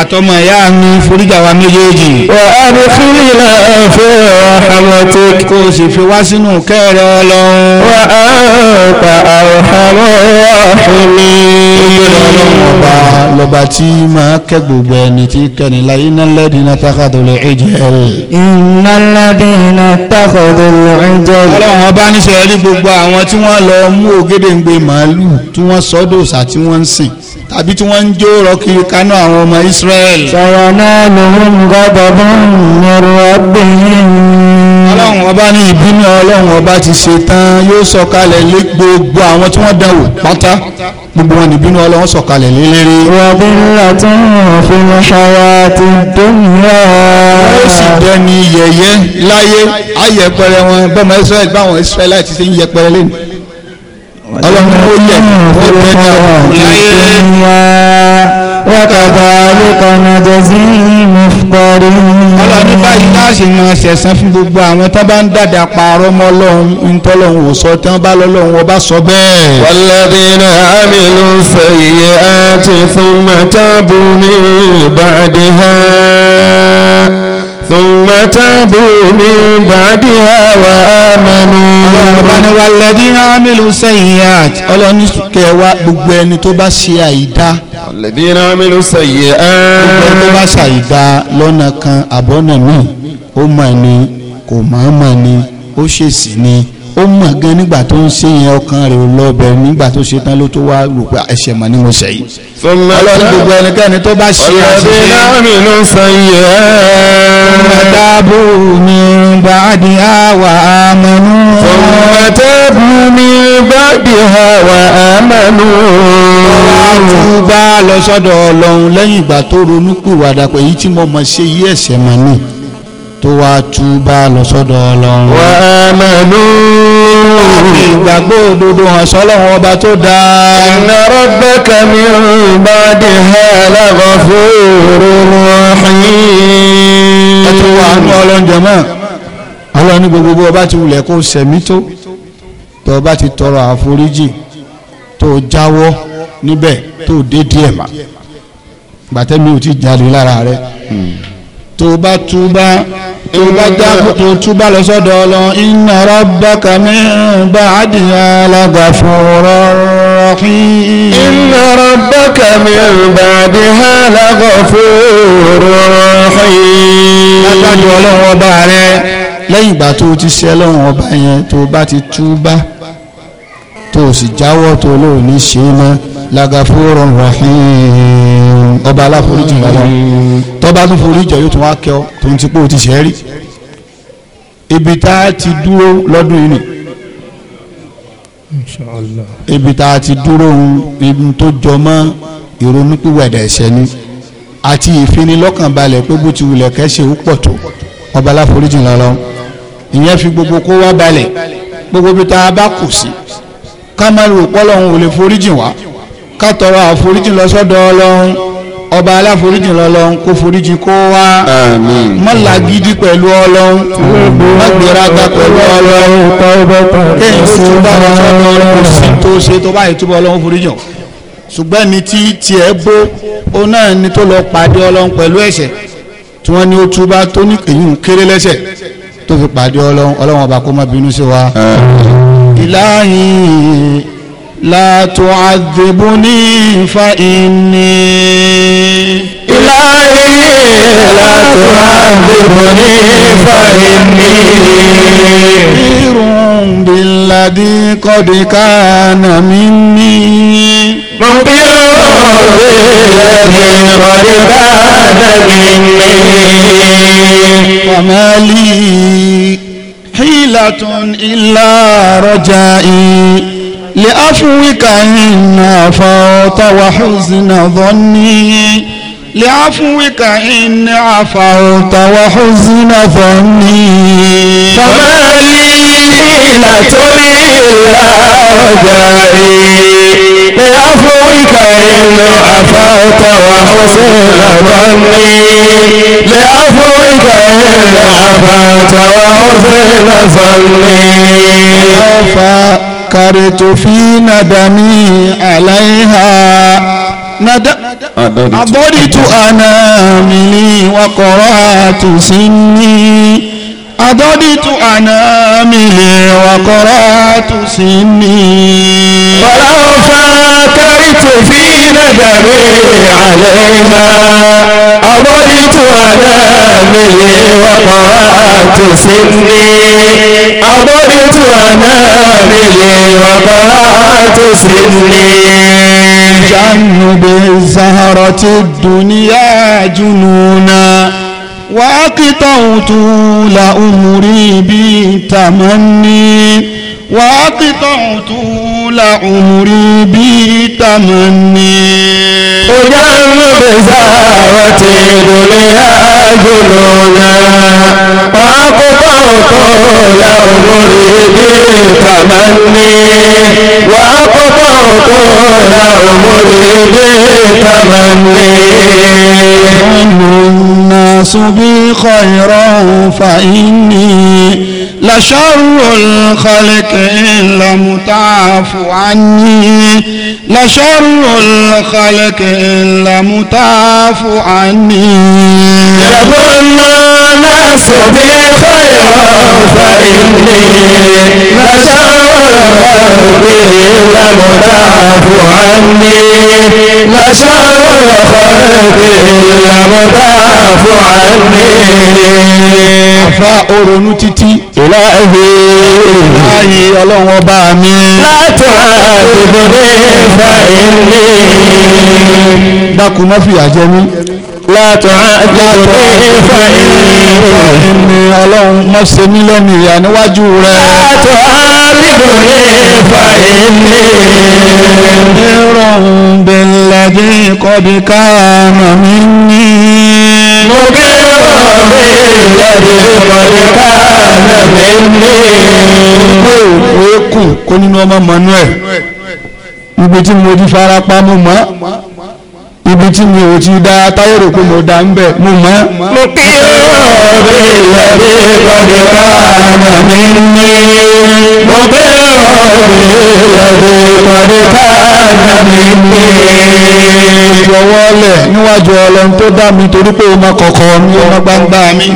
àtọmọ ẹ̀yà mi foríjà wa méjèèjì. wà á ní fírílì náà fẹ́ ọ̀hámọ́tì. kó sì fi wá sínú kẹ́rẹ́ ọlọ́run. wà á ń pa àwọn ọmọ ọ̀hún mi olórí ọlọ́run ọba lọ́ba tí máa kẹ́ gbogbo ẹni tí kẹ́ni la iná lẹ́dí iná tákàdó lè ẹ̀jẹ̀ rẹ̀. iná lẹ́dí iná tákàdó lè ẹ̀jẹ̀ rẹ̀. ọlọ́run ọba níṣẹ́ rí gbogbo àwọn tí wọ́n lọ mú ògédèǹgbè màálù tí wọ́n sọ́dọ̀sà tí wọ́n ń sìn tàbí tí wọ́n ń jó rọ́kiri kaná àwọn ọmọ Israẹli. sọ̀rọ̀ náà lòun gbọ́dọ̀ bọ́ ń rọ̀ ọlọ́run ọba ní ìbínú ọlọ́run ọba ti ṣe tán yóò sọ̀kalẹ̀ lé gbogbo àwọn tí wọ́n dánwò pátá gbogbo wọn níbínú ọlọ́run sọ̀kalẹ̀ lélẹ́rẹ́. wàbí ńlá tó ń fi ṣọwọ́ ti dóńgbà. ó sì dẹni yẹ̀yẹ́ láyé ayẹpẹrẹ wọn bọ́mọ israẹli báwọn israẹli ti ṣe ń yẹpẹrẹ lẹ́nu. ọlọ́run ó yẹ kó dẹni ọ̀hún láyé. wákàtà àlùkò náà jẹ́ sí ìmọ̀ akibari. ọlọ́ni báyìí láàṣì máa ṣẹ̀san fún gbogbo àwọn tó bá ń dàda pààrọ̀ mọ́ lọ́hún ntọ́lọ́hún ò sọ tí wọ́n bá lọ́lọ́hún ọba sọ bẹ́ẹ̀. walladhina amilu sayyi'ati thumma tabu min ba'diha thumma tabu min ba'diha wa amanu. ọlọ́ni walladhina amilu sayyi'ati ọlọ́ni kẹwàá gbogbo ẹni tó bá ṣe àìdá alladhina amilu sayyi'at. gbogbo tó bá ṣàyídá lọ́nà kan àbọ̀nà míì ó mọ̀ ni kò mọ̀ mọ̀ ni ó ṣèṣì ni ó mọ̀ gan nígbà tó ń ṣe yẹn ọkàn rẹ̀ ò lọ́bẹ̀ nígbà tó ṣe tán ló tó wá rò pé ẹ̀ṣẹ̀ mọ̀ ni mo ṣe yìí. ọlọ́run gbogbo ẹnikẹ́ni tó bá ṣe àṣìṣe. alladhina amilu sayyi'at. tábù mi bá di àwà àmọ́nú. tábù mi bá di àwà àmọ́nú túbá lọ sọ́dọ̀ ọlọ́run lẹ́yìn ìgbà tó ronú pìwàdà pé èyí tí mo mọ̀ ṣe yí ẹ̀ṣẹ̀ mà ní tó wá túbá lọ sọ́dọ̀ ọlọ́run. wà á mẹ́nu. àmì ìgbàgbọ́ òdodo hàn sọ́lọ́run ọba tó dáa. inna rabbaka min ba'diha laghafurur rahim. ẹ tó wà á mú ọlọ́njẹ mọ́ ọlọ́run ní gbogbo ọba ti wulẹ̀ kó sẹ̀mí tó tọ́ ọba ti tọrọ àforíjì tó jáwọ́ níbẹ̀ tó dé díẹ̀ mà gbàtẹ́mi ò ti jalè lára rẹ̀ tó bá túbá tó bá jáwọ́ tó túbá lọ sọ́dọ̀ Ọlọ́run inna rabbaka min ba'diha laghafurur rahim. inna rabbaka min ba'diha laghafurur rahim. lágbàdo Ọlọ́run ọba rẹ lẹ́yìn ìgbà tó ti ṣe Ọlọ́run ọba yẹn tó bá ti túbá tó o sì jáwọ́ tó o lóò ní ṣe é mọ́ lagafóró rahim ọba aláforíjì lọ́wọ́ tọ́ba tó foríjọ yóò tún wá kẹ́ ọ tó ń ti pé o ti ṣẹ́ rí ibi tá a ti dúró lọ́dún yìí nì ibi tá a ti dúró ohun tó jọ mọ́ ìrònú pìwẹ̀dẹ̀ ẹ̀ṣẹ̀ ni àti ìfinilọ́kànbalẹ̀ pé bó ti wulẹ̀ kẹ́sẹ̀ ó pọ̀ tó ọba aláforíjì lọ́wọ́ ìyẹn fi gbogbo kó wá balẹ̀ gbogbo bí tá a bá kù sí ká má rò pọ́lọ́hún ò lè foríjìn wá ká tọrọ àforíjìn lọ sọ́dọ̀ ọlọ́hún ọba aláforíjìn lọ́lọ́hún kó foríjìn kó wá má làgídí pẹ̀lú ọlọ́hún má gbéraga pẹ̀lú ọlọ́hún kéèyàn ó tún bá wọn sọ́dọ̀ ọlọ́hún kò sí tó ṣe tó báyìí túbọ̀ ọlọ́hún foríjìn ṣùgbọ́n ní tí tiẹ̀ bó ó náà ní tó lọ pàdé ọlọ́hún pẹ̀lú ẹ̀ṣẹ̀ tí wọ́n ní ó túbá tó ní èyí kéré lẹ́ṣẹ̀ tó fi pàdé ọlọ́hún ọlọ́hún ọba kó má bínú sí wa. إلهي لا تعذبني فإني إلهي لا تعذبني فإني بشير بالذي قد كان مني مخبر بالذي قد كان مني وما لي حيلة إلا رجائي لعفوك إن عفوت وحزن ظني لعفوك إن عفوت وحزن ظني فما لي لتولي الأبداري لعفوك إن عفوت وحسن ظني لعفوك إن عفوت وحسن ظني فكرت في ندمي عليها ندمت أنا مني وقرأت سني àdọ́dítù ànámìlẹ̀ wàkọ́rọ́ tó sì ní. Bọ́láwọ́ fákárí tó fi nàdàrí àlẹ́mà. Àdọ́dítù ànámìlẹ̀ wàkọ́rọ́ tó sì ní. Àdọ́dítù ànámìlẹ̀ wàkọ́rọ́ tó sì ní. Jánubí Zaharọ̀ ti dùn ní yáà jùnú náà. وأقطعت لأمري بتمني وأقطعت طول عمري به تمني وجعل بزارة دنيا جنونا وأقطع طول عمري به تمني وأقطع طول عمري به تمني الناس بي خيرا فإني لشر الخلق إن لم تعف عني لشر الخلق إن لم تعف عني يظن الناس بخير فإني لشر به لمتعف عني نشر خلقه لمتعف عني fa oronu títí ìlàhí láàyè ọlọ́run ọba mi látọ̀ àdìbò ní ìfà ìlú dákun má fìyà jẹ mí لا àjọyọ̀ ìfà ìní ọlọ́run mọ́ ṣe mí lọ́nu ìyá níwájú rẹ̀. látọ̀ àbíkò ìfà ìní. ìrọ̀rùn bẹ̀lẹ́dì kọ́bí káàmà mi ní. mo bí rọ̀rùn bẹ̀lẹ́dì kọ́bí káàmà kù kó nínú ọmọ manuel ibi tí mo di farapa mo mọ́ tí mi ò ti dá táyé rò pé mo dá ń bẹ̀ mo mọ́. mo kí ọ̀rẹ́ ìyàdé lọ́dẹ bá àmà mi ní. mo kí ọ̀rẹ́ ìyàdé lọ́dẹ bá àmà mi ní. ìjọwọ́ lẹ̀ níwájú ọlọ́run tó dá mi torí pé ọmọ kọ̀ọ̀kan mi ọmọ gbangba mi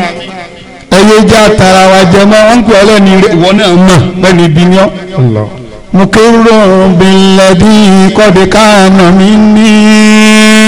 ẹyẹ jẹ́ àtàrà wa jẹ mọ́ wọ́n ń pè ọ́ ìwọ náà mọ̀ lẹ́ni ibi ni ọ́ mukirun bin kọ́dé káànà mi ní.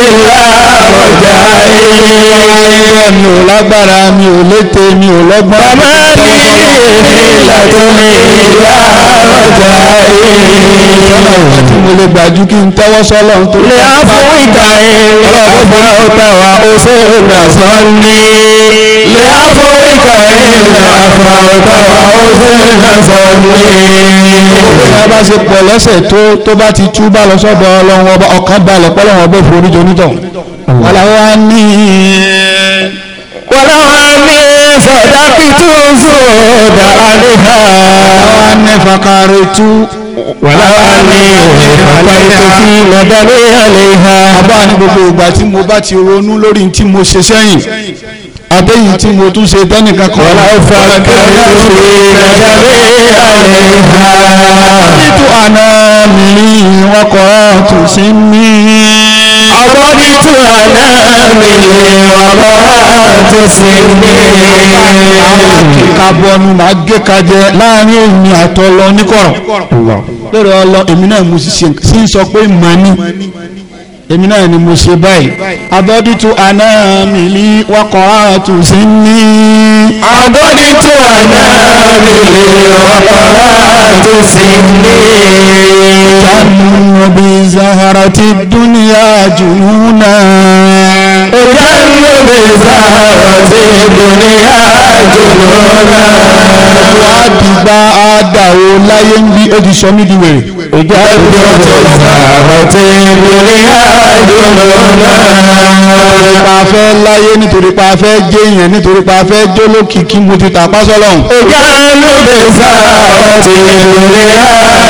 ọjà ilé. mi ò lágbára mi ò lété mi ò lọ́gbọ́n. bàbá mi ìlàjọ mi ìlà ọjà ilé. sọ́nà ìwà tí mo lè gbàjú kí n tẹ́wọ́ sọ́lọ́ nítorí. lè á fún ìgbà èrè ọ̀gbà ọ̀tà wa ó ṣe ìgbà sọ́ni. lè á fún ìgbà èrè ọ̀gbà ọ̀tà wa ó ṣe ìgbà sọ́ni. bá a bá ṣe pọ̀ lọ́sẹ̀ tó bá ti tú lọ sọ́dọ̀ ọlọ́run ọba ọ̀kan balẹ̀ pọ́lọ́run ọba òfurufú onítọ̀ wàláwà ní wàláwà ní fọ̀dákì tó fòdà àríhà wàláwà ní fàkàrí tó wàláwà ní ìfàkàrí tó fi lọ́dọ̀ lórí àríhà. bàbá ní gbogbo ìgbà tí mo bá ti ronú lórí tí mo ṣe sẹ́yìn abẹ́yìn tí mo tún ṣe dánìkan kan. wọ́n láì fà kẹ́lẹ́ ṣe ìrẹ̀lẹ́ àlẹ́hà. nítú àná mi wọ́n kọ́ tù sí mi. ọ̀pọ̀ nítú àná mi wọ́n kọ́ tù sí mi. àkìkà bọnu màá gé kajẹ láàrin èmi àtọ lọ níkọ̀rọ̀. lórí ọlọ èmi náà mo sì ṣe ń sọ pé màá ní èmi náà ni mo ṣe báyìí. abọ́dítù anáàmìlì wakọ̀ àtù sí ní. abọ́dítù anáàmìlì wakọ̀ àtù sí ní. ìjánu bí zahara ti dúnìyà jùlúùnà. ìjánu bí zahara ti dúnìyà jùlúùnà. wàá dìgbà àdàwọ̀ láyé ń bí ó ti wèrè ìjọ́jọ́ sàrọ̀tì ìbílẹ̀ àjọyọ̀ pa fẹ́ láyé nítorí pa fẹ́ jẹ́yàn nítorí pa fẹ́ jólókìkí mo ti tà pásọ́ lọ́hùn. ìjà lóde sàrọ̀tì ìbílẹ̀ àjọyọ̀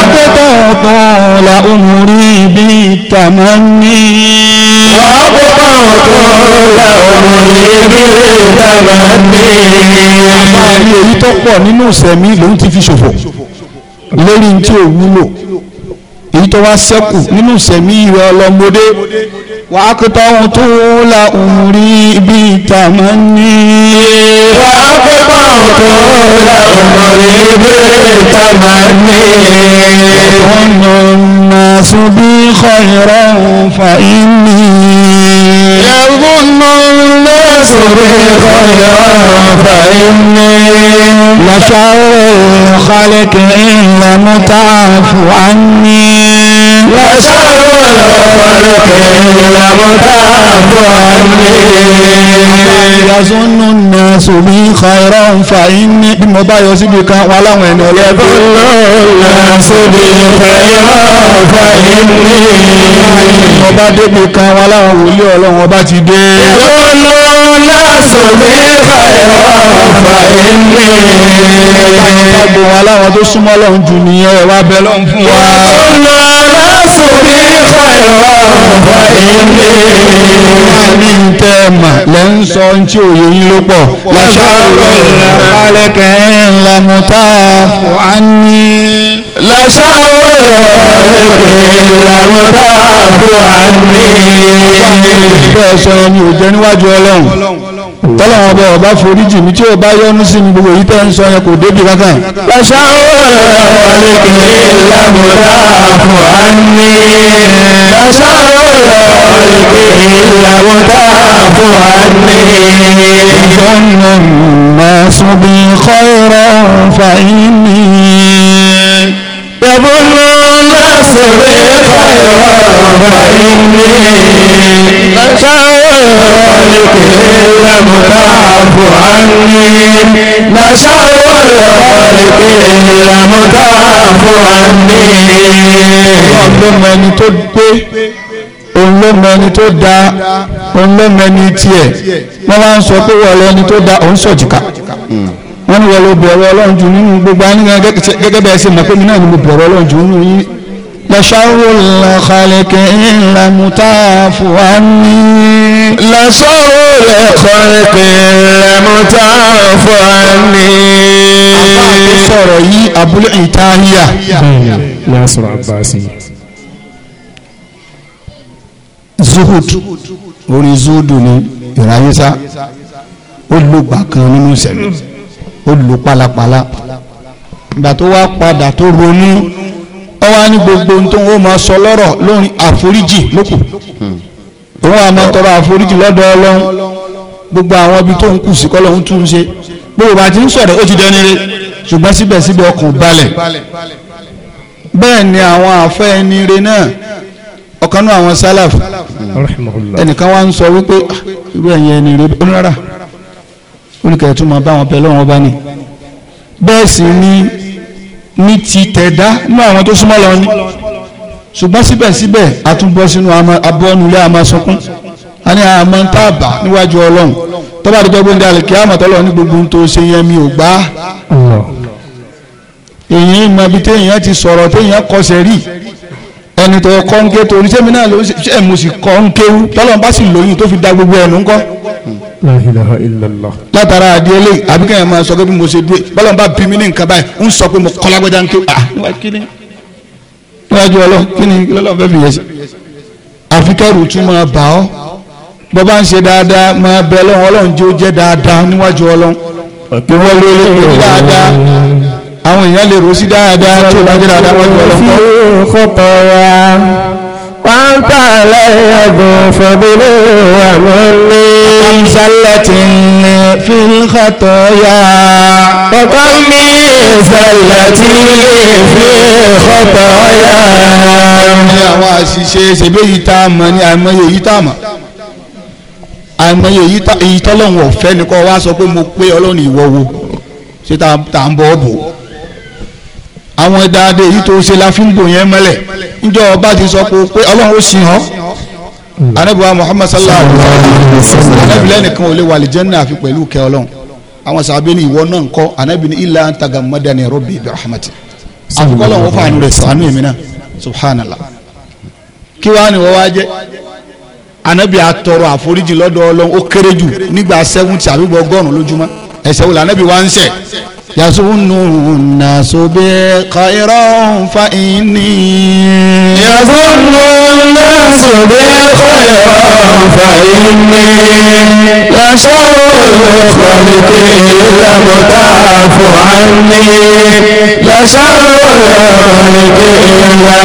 àpótọ̀ kan la òmùrí ibi tàmọ́ ní. àpótọ̀ kan la òmùrí ibi tàmọ́ ní. àpá àmì èyí tó pọ̀ nínú ìsẹ̀mí lòun ti fi ṣòfò lórí tí ò wúlò èyí tó wá sẹ́kù nínú ìsẹ̀mí ìwé ọlọ́mọdé wà á kótó ohun tó la òun rí bí ìta máa ń ní. wà á kótó ohun tó la òun rí bí ìta ní. ọ̀nà nàásù bí khayra fa inni. yàgùn náà nàásù bí khayra fa inni. لشر الخلق إن لم تعف عني لشر الخلق إن لم تعف عني يظن الناس بي خيرا فإني بمضايا سبك ولو أن يظن الناس بي خيرا fàlìní. ọba débi kan wọn láwọn wòlíì ọlọ́run ọba ti dé. ìrònú lásán mi fàìrọ̀ fàìní. ọba yẹn bá gbọ́ wọn láwọn tó súnmọ́ lọ́hùn jù nìyẹn wá bẹ́ lọ́hùn fún wa. ìrònú bí fàyọ̀ wà ilé. wọ́n ní tẹ́ ẹ mà lẹ́ ń sọ ohun tí òye yín ló pọ̀. lọ́sàrò ìrẹ̀kẹ́ ńlá mọ́tà wà ní. lọ́sàrò ìrẹ̀kẹ́ ńlá mọ́tà wà ní. bẹ́ẹ̀ sọ ni ò jẹ́ níwájú ọlọ́run tọ́lọ́wọ́n bọ̀ ọba forí jì mí tí o bá yọ́nú sí mi gbogbo yìí tẹ́ ń sọ yẹn kò débi kankan. lọ́sà ọ̀rọ̀ ọ̀lẹ́kẹ̀ lámúra fún àní. lọ́sà ọ̀rọ̀ ọ̀lẹ́kẹ̀ lámúra fún àní. ìjọ́nà máa sùn bí kọ́rọ̀ fàyínì. yàgòló máa sùn bí kọ́rọ̀ fàyínì. lọ́sà ọ̀rọ̀. الخالق لم تعف عني نشأ الخالق لم تعف عني ọlọ́mọẹni tó dé ọlọ́mọẹni tó da ọlọ́mọẹni tiẹ̀ wọ́n máa ń sọ pé wọ́n lẹ́ni tó da òun sọ̀jìká wọ́n ní wọ́n lọ bẹ̀rù ọlọ́run jù nínú gbogbo ayé gẹ́gẹ́ bẹ́ẹ̀ ṣe mọ̀ pé mi náà ni mo bẹ̀rù ọlọ́run jù nínú yín لشر الخلق إلا متاف عني لشر الخلق إلا متاف عني sọ̀rọ̀ yìí abúlé ìtàlíyà lásọ̀rọ̀ àbáṣì zuhud orí zuhud ni ìráyésá ó lò gbà kan nínú ìṣẹ̀lẹ̀ ó lò pálapàla ìgbà tó wá padà tó ronú wọ́n wá ní gbogbo ohun tó ń máa sọ lọ́rọ̀ lórí àforíjì lókù òun àmọ́ tọrọ àforíjì lọ́dọ̀ ọlọ́run gbogbo àwọn ibi tó ń kù sí kọ́lọ́hún tún ṣe gbogbo bá ti ń sọ̀rọ̀ ó ti dẹni re ṣùgbọ́n síbẹ̀síbẹ̀ ọkàn balẹ̀ bẹ́ẹ̀ ni àwọn àfẹ́ náà ọ̀kan náà àwọn sálàf ẹnìkan wá ń sọ wípé ah, irú ẹ̀yìn ẹni re onírara oníkẹ̀ẹ́tùmọ̀ bá wọn bẹ̀ lọ́wọ́ bá ní bẹ́ẹ̀ sì ni ní ti tẹ̀dá nínú àwọn tó súnmọ́ lọ ni ṣùgbọ́n síbẹ̀síbẹ̀ àtúbọ̀ sínú abọ́nulẹ̀ àmọ́sọkún a ní àmọ́ tá a bá níwájú ọlọ́run tó bá dúpẹ́ gbóńdé àlèkè àmọ̀tọ́lọ́ ní gbogbo tó ṣe yẹn mi ò gbà á èyí mọ ibi téèyàn ti sọ̀rọ̀ téèyàn kọsẹ̀ rí ẹni tó kọ́ torí sẹ́mi náà ló ṣe é mo sì kọ́ ń bá sì lóyún tó fi da gbogbo ẹ̀nu ńkọ́ la ilaha illallah. látara àdìẹ́lẹ́ àbíkẹ́ yẹn máa sọ pé bí mo ṣe dúró bọ́lá ń bá bí mi ní nǹkan báyìí ń sọ pé mo kọ́ lágbájá ń ké ah níwájú ọlọ́ kí ni lọ́lọ́ fẹ́ fi yẹ sí. àfikẹ́rù tún máa bà ọ́ bọ́ bá ń ṣe dáadáa máa bẹ ọlọ́run ọlọ́run jẹ́ ó jẹ́ dáadáa níwájú ọlọ́run pé wọ́n lé lé lé dáadáa àwọn èèyàn lè rò sí dáadáa tó bá jẹ́ dáadáa níwájú ọlọ́run. أنعمت علي ذو فضل ومن وكم زلتني في الخطايا وكم من زلتني في الخطايا ní àwọn àṣìṣe ṣèbé yìí tá a mọ̀ ní àìmọye yìí tá a mọ̀ àìmọye yìí tọ́lọ́hún ọ̀fẹ́ ni kọ́ wa sọ pé mo pé ọlọ́run ìwọ ṣé tá a ń bọ́ bò àwọn dáadé èyí tó ṣe la fi ń bò yẹn mọ́lẹ̀ níjọ́ ọba ti sọ pé ọlọ́run ó sìn ọ́ anabiwa muhammad sallallahu alaihi wa sallam anabilẹ nìkan ò lè wà aljanna àfi pẹ̀lú kẹ́ ọlọ́run àwọn sàbẹ̀ ni ìwọ náà ń kọ́ anabi ni illa tagamadani rabbi bi rahmati àfikọ́ ọlọ́run ó fàánù rẹ̀ sànú èmi náà subhanallah kí wàá ní wọ́n wá jẹ́ anabi atọrọ àforíjì lọ́dọ̀ ó kéré jù nígbà seventy àbí ọgọ́rùn-ún lójúmọ́ ẹ̀ṣẹ̀ wò lànàbí wá ń ṣẹ̀ يظن الناس بخيرا فإني يظن الناس بخيرا فإني لشر الخلق لمتعف عني لشر الخلق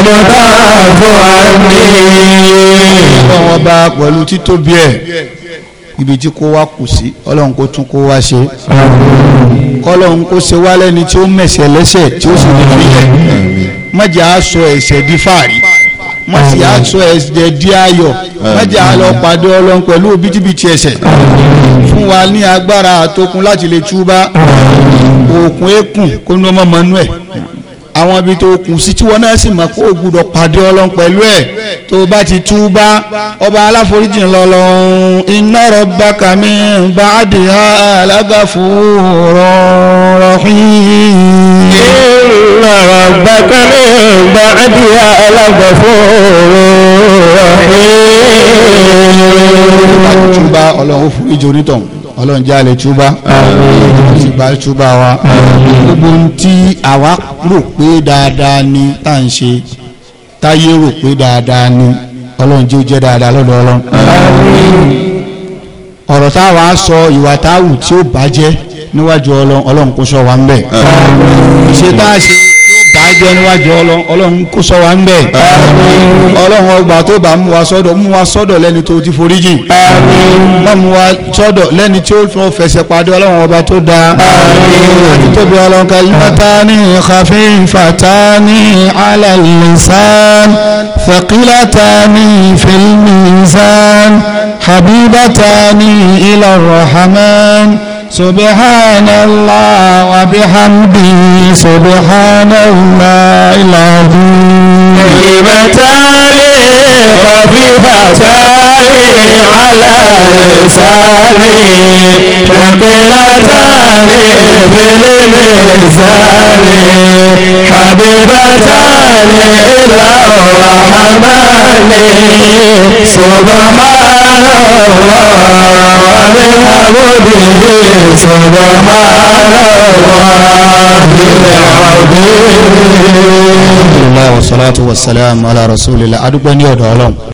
لمتعف عني. ọba pẹ̀lú títóbi ẹ̀ ibi tí kó wá kù sí ọlọ́run kó tún kó wá ṣe kọ́lọ́run kó ṣe wá lẹ́ni tí ó mẹ̀sẹ̀ lẹ́sẹ̀ tí ó sì lè fi yẹ mọ̀jẹ̀ á sọ ẹ̀sẹ̀ di fàárí mọ̀sẹ̀ á sọ ẹ̀sẹ̀ di ayọ̀ mọ̀jẹ̀ á lọ pàdé ọlọ́run pẹ̀lú òbítíbitì ẹ̀sẹ̀ fún wa ní agbára àtokùn láti lè túbá òkun eékùn kó ní ọmọ mọ́nú ẹ̀ àwọn ibi tó kù sí tí wọn náà sì mọ̀ kó o gbúdọ̀ pàdé ọlọ́run pẹ̀lú ẹ̀ tó bá ti tú bá ọba aláforíjì lọ́lọ́run inna rabbaka min ba'diha lagafurur rahim. inna rabbaka min ba'diha lagafurur rahim. túbà ọlọ́run fún ìjọ onítọ̀hún ọlọ́run jẹ́ àlè túbà ọlọ́run sì gba túbà wa gbogbo ohun tí àwa rò pé dáadáa ni tá à ń ṣe táyé rò pé dáadáa ni ọlọ́run jẹ́ jẹ́ dáadáa lọ́dọ̀ ọlọ́run. ọ̀rọ̀ táwa sọ ìwà táwù tí ó bàjẹ́ níwájú ọlọ́run kò sọ wa ń bẹ̀. ìṣe tá a ṣe jọ níwájú ọlọ́run kó sọ wa ń bẹ̀. ọlọ́run ọgbà tó bá mú wa sọ́dọ̀ mú wa sọ́dọ̀ lẹ́ni tó ti foríjì. má mú wa sọ́dọ̀ lẹ́ni tí ó fẹsẹ̀ pàdé ọlọ́run ọba tó dáa. àti tóbi ọlọ́run kalimatani khafifatani ala al-lisan thaqilatani fil mizan habibatani ila ar-rahman. سبحان الله وبحمده سبحان الله العظيم خفيفتان على لساني ثقيلتان بالميزان حبيبتان إلى الرحمن سبحان الله وبحمده سبحان الله العظيم الله والصلاة والسلام على رسول الله dúpẹ́ ní ọ̀dọ̀ ọlọ́run